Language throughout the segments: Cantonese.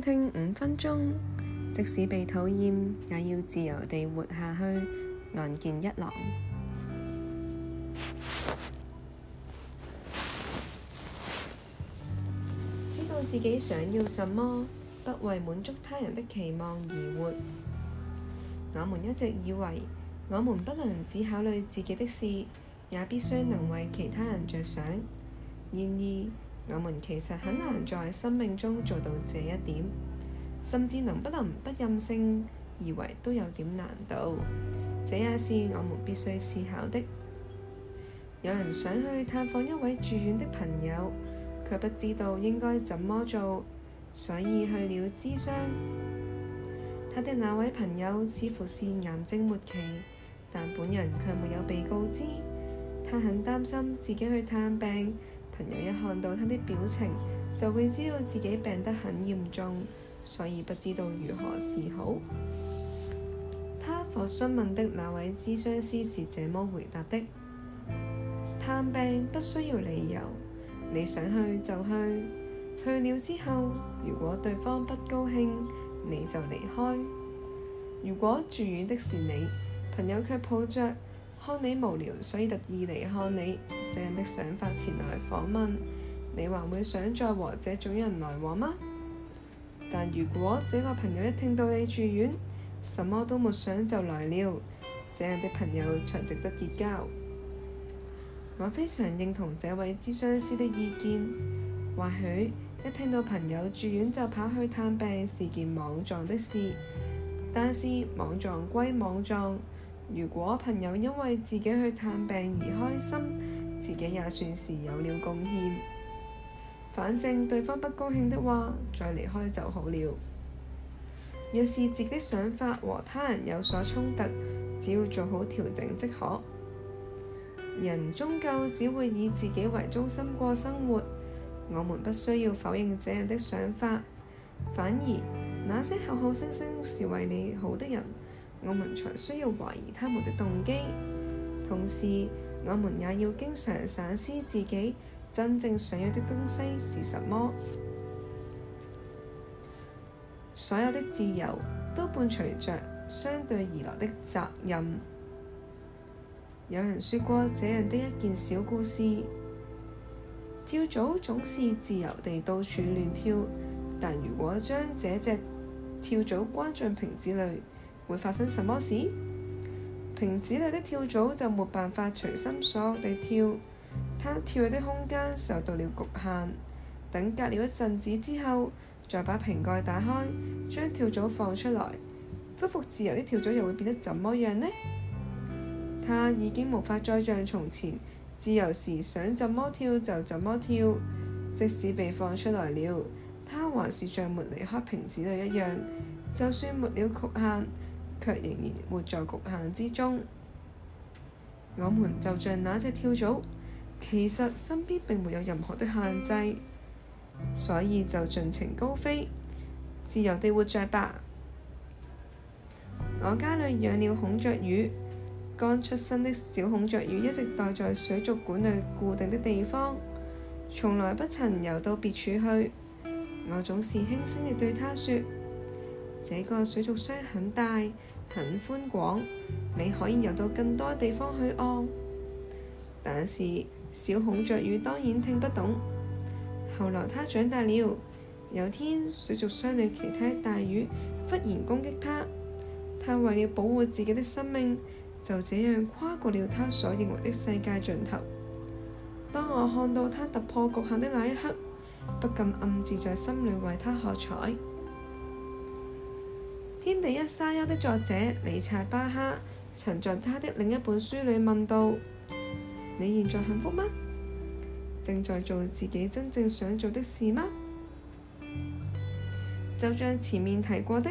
聽五分鐘，即使被討厭，也要自由地活下去。岸見一郎，知道自己想要什麼，不為滿足他人的期望而活。我們一直以為，我們不能只考慮自己的事，也必須能為其他人着想。然而。我們其實很難在生命中做到這一點，甚至能不能不任性以為都有點難度。這也是我們必須思考的。有人想去探訪一位住院的朋友，卻不知道應該怎麼做，所以去了諮詢。他的那位朋友似乎是癌症末期，但本人卻沒有被告知。他很擔心自己去探病。朋友一看到他的表情，就會知道自己病得很嚴重，所以不知道如何是好。他所詢問的那位諮詢師是這麼回答的：探病不需要理由，你想去就去，去了之後，如果對方不高興，你就離開。如果住院的是你，朋友卻抱着。看你無聊，所以特意嚟看你，這樣的想法前來訪問，你還會想再和這種人來往嗎？但如果這個朋友一聽到你住院，什麼都沒想就來了，這樣的朋友才值得結交。我非常認同這位諮詢師的意見，或許一聽到朋友住院就跑去探病是件莽撞的事，但是莽撞歸莽撞。如果朋友因為自己去探病而開心，自己也算是有了貢獻。反正對方不高興的話，再離開就好了。若是自己的想法和他人有所衝突，只要做好調整即可。人終究只會以自己為中心過生活，我們不需要否認這樣的想法。反而那些口口聲聲是為你好的人。我們才需要懷疑他們的動機，同時，我們也要經常反思自己真正想要的東西是什麼。所有的自由都伴隨着相對而來的責任。有人說過這樣的一件小故事：跳蚤總是自由地到處亂跳，但如果將這隻跳蚤關進瓶子裏，會發生什麼事？瓶子裏的跳蚤就沒辦法隨心所欲地跳，它跳的空間受到了局限。等隔了一陣子之後，再把瓶蓋打開，將跳蚤放出來，恢復自由的跳蚤又會變得怎麼樣呢？它已經無法再像從前自由時想怎麼跳就怎麼跳，即使被放出來了，它還是像沒離開瓶子裏一樣。就算沒了局限，卻仍然活在局限之中。我們就像那隻跳蚤，其實身邊並沒有任何的限制，所以就盡情高飛，自由地活著吧。我家裡養了孔雀魚，剛出生的小孔雀魚一直待在水族館裡固定的地方，從來不曾游到別處去。我總是輕聲地對它說。這個水族箱很大，很寬廣，你可以游到更多地方去哦。但是小孔雀魚當然聽不懂。後來它長大了，有天水族箱裏其他大魚忽然攻擊它，它為了保護自己的生命，就這樣跨過了它所認為的世界盡頭。當我看到它突破局限的那一刻，不禁暗自在心裏為它喝彩。《天地一沙丘》的作者理查巴哈曾在他的另一本書裏問道：你現在幸福嗎？正在做自己真正想做的事嗎？就像前面提過的，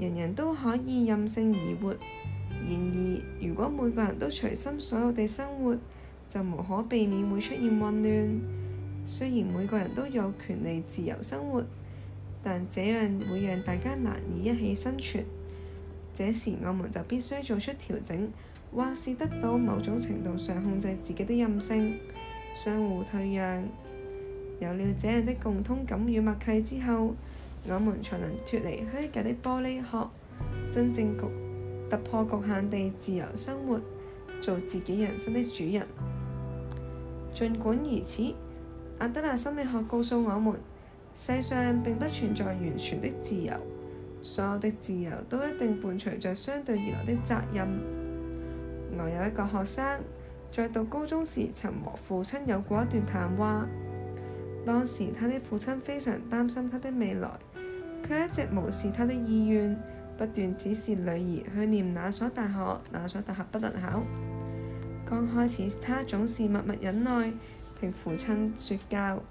人人都可以任性而活。然而，如果每個人都隨心所欲地生活，就無可避免會出現混亂。雖然每個人都有權利自由生活。但這樣會讓大家難以一起生存，這時我們就必須做出調整，或是得到某種程度上控制自己的任性，相互退讓。有了這樣的共通感與默契之後，我們才能脫離虛假的玻璃殼，真正突破局限地自由生活，做自己人生的主人。盡管如此，阿德勒心理學告訴我們，世上並不存在完全的自由，所有的自由都一定伴隨着相對而來的責任。我有一個學生，在讀高中時，曾和父親有過一段談話。當時他的父親非常擔心他的未來，佢一直無視他的意願，不斷指示女兒去念哪所大學，哪所大學不能考。剛開始，他總是默默忍耐，聽父親説教。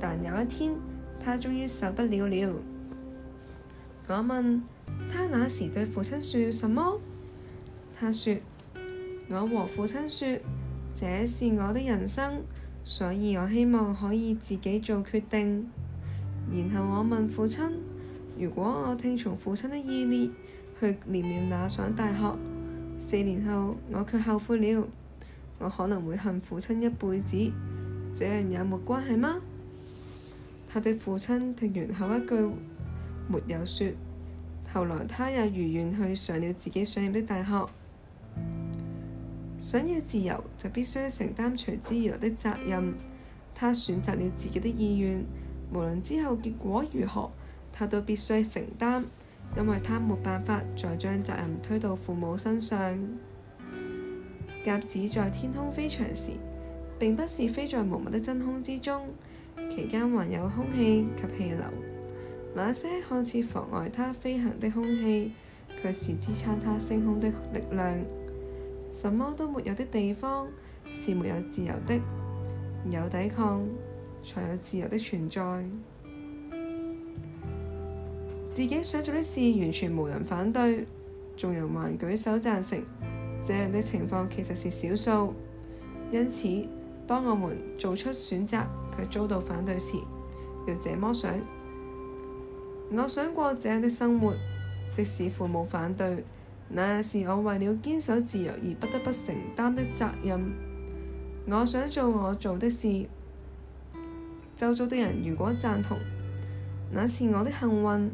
但有一天，他終於受不了了。我問他那時對父親説了什麼，他説：我和父親説這是我的人生，所以我希望可以自己做決定。然後我問父親：如果我聽從父親的意念去念了那上大學，四年後我卻後悔了，我可能會恨父親一輩子，這樣也沒有關係嗎？他的父親聽完後一句沒有說。後來他也如願去上了自己想要的大學。想要自由就必須承擔隨之而來的責任。他選擇了自己的意願，無論之後結果如何，他都必須承擔，因為他沒辦法再將責任推到父母身上。鴿子在天空飛翔時，並不是飛在無物的真空之中。期間還有空氣及氣流，那些看似妨礙他飛行的空氣，卻是支撐他升空的力量。什麼都沒有的地方是沒有自由的，有抵抗才有自由的存在。自己想做的事完全無人反對，眾人還舉手贊成，這樣的情況其實是少數。因此，當我們做出選擇，佢遭到反對時，要這麼想：我想過這樣的生活，即使父母反對，那是我為了堅守自由而不得不承擔的責任。我想做我做的事，周遭的人如果贊同，那是我的幸運；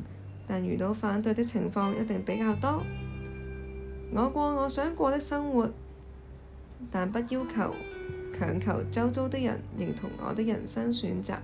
但遇到反對的情況，一定比較多。我過我想過的生活，但不要求。強求周遭的人認同我的人生選擇。